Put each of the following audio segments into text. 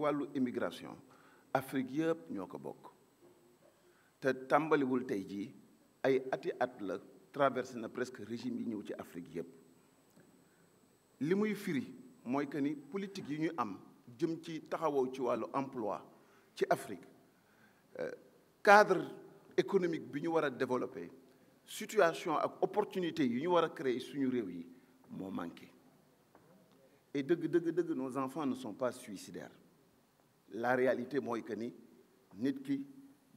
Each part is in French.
wàllu immigration Afrique yëpp ñoko bok Té tambali wul tay ji ay ati at la traversé na presque régime yi ñew ci Afrique yëpp limuy firi moy que ni politique yi ñu am jëm ci taxawoo ci wàllu emploi ci Afrique euh, cadre économique bi ñu war a développer situation ak opportunité yi ñu war a créer suñu réew yi moo manqué et dëgg dëgg dëgg nos enfants ne sont pas suicidaires la réalité c'est que ni nit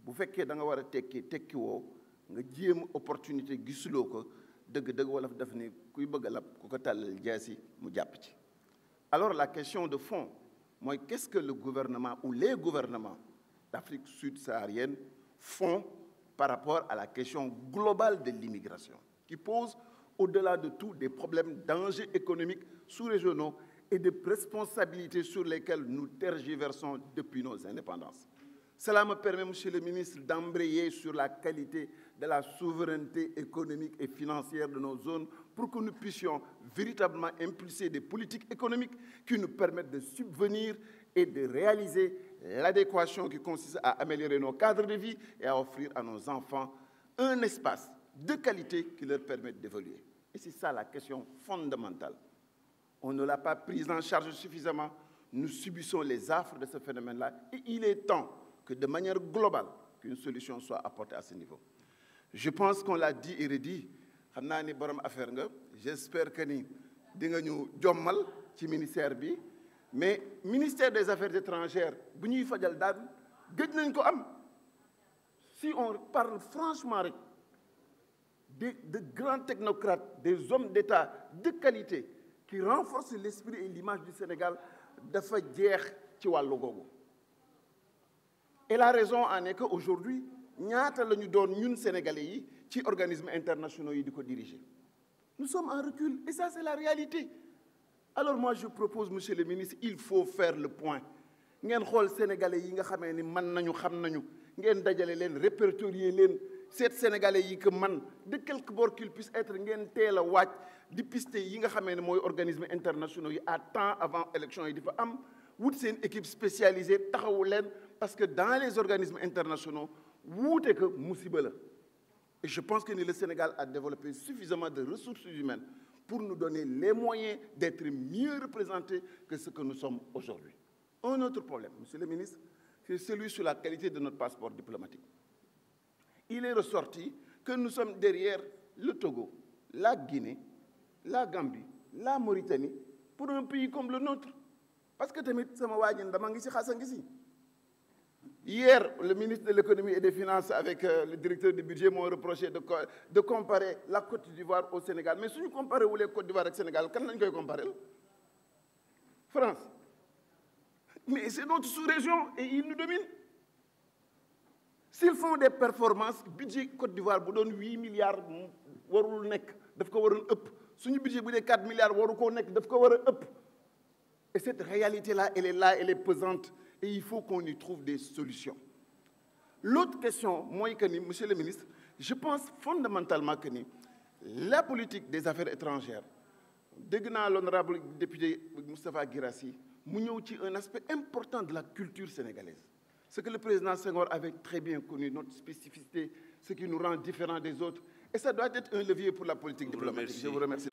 bu fekke da nga tekki tekki wo nga opportunité gisuloo ko deug dëgg ni kuy alors la question de fond qu'est-ce que le gouvernement ou les gouvernements d'Afrique subsaharienne font par rapport à la question globale de l'immigration qui pose au-delà de tout des problèmes d'enjeux économiques sous-régionaux et de responsabilités sur lesquelles nous tergiversons depuis nos indépendances. Cela me permet, Monsieur le ministre, d'embrayer sur la qualité de la souveraineté économique et financière de nos zones pour que nous puissions véritablement impulser des politiques économiques qui nous permettent de subvenir et de réaliser l'adéquation qui consiste à améliorer nos cadres de vie et à offrir à nos enfants un espace de qualité qui leur permette d'évoluer. Et c'est ça la question fondamentale on ne l'a pas prise en charge suffisamment. Nous subissons les affres de ce phénomène-là et il est temps que de manière globale, qu'une solution soit apportée à ce niveau. Je pense qu'on l'a dit et redit. J'espère que nous avons jommal ci ministère Mais mais ministère des affaires étrangères si on parle franchement de grands technocrates des hommes d'État de qualité qui renforce l'esprit et l'image du Sénégal dafa jeex et la raison en est que aujourd'hui sénégalais organismes internationaux nous sommes en recul et ça c'est la réalité alors moi je propose monsieur le ministre il faut faire le point un sénégalais yi nga ni seet sénégalais yi que man de quelque bord qu'il puisse être ngén téla a di yi nga organisme internationaux yi à temps avant élection yi di am équipe spécialisée parce que dans les organismes internationaux wouté que musiba la et je pense que le Sénégal a développé suffisamment de ressources humaines pour nous donner les moyens d'être mieux représentés que ce que nous sommes aujourd'hui. Un autre problème, Monsieur le Ministre, c'est celui sur la qualité de notre passeport diplomatique il est ressorti que nous sommes derrière le Togo, la Guinée, la Gambie, la Mauritanie, pour un pays comme le nôtre. Parce que Hier, le ministre de l'économie et des finances avec euh, le directeur du budget m'ont reproché de, comparer la Côte d'Ivoire au Sénégal. Mais si nous comparons la Côte d'Ivoire avec le Sénégal, quand est-ce comparer France. Mais c'est notre sous-région et il nous domine s'ils font des performances le budget Côte d'Ivoire bu donne 8 milliards warul dollars. daf ko budget bu 4 milliards vous ne pas et cette réalité là elle est là elle est pesante et il faut qu'on y trouve des solutions l'autre question moi, monsieur le ministre je pense fondamentalement que la politique des affaires étrangères dès l'honorable député Moustapha Girassi, mu un aspect important de la culture sénégalaise ce que le président Senghor avait très bien connu, notre spécificité, ce qui nous rend différents des autres. Et ça doit être un levier pour la politique diplomatique. Je vous remercie.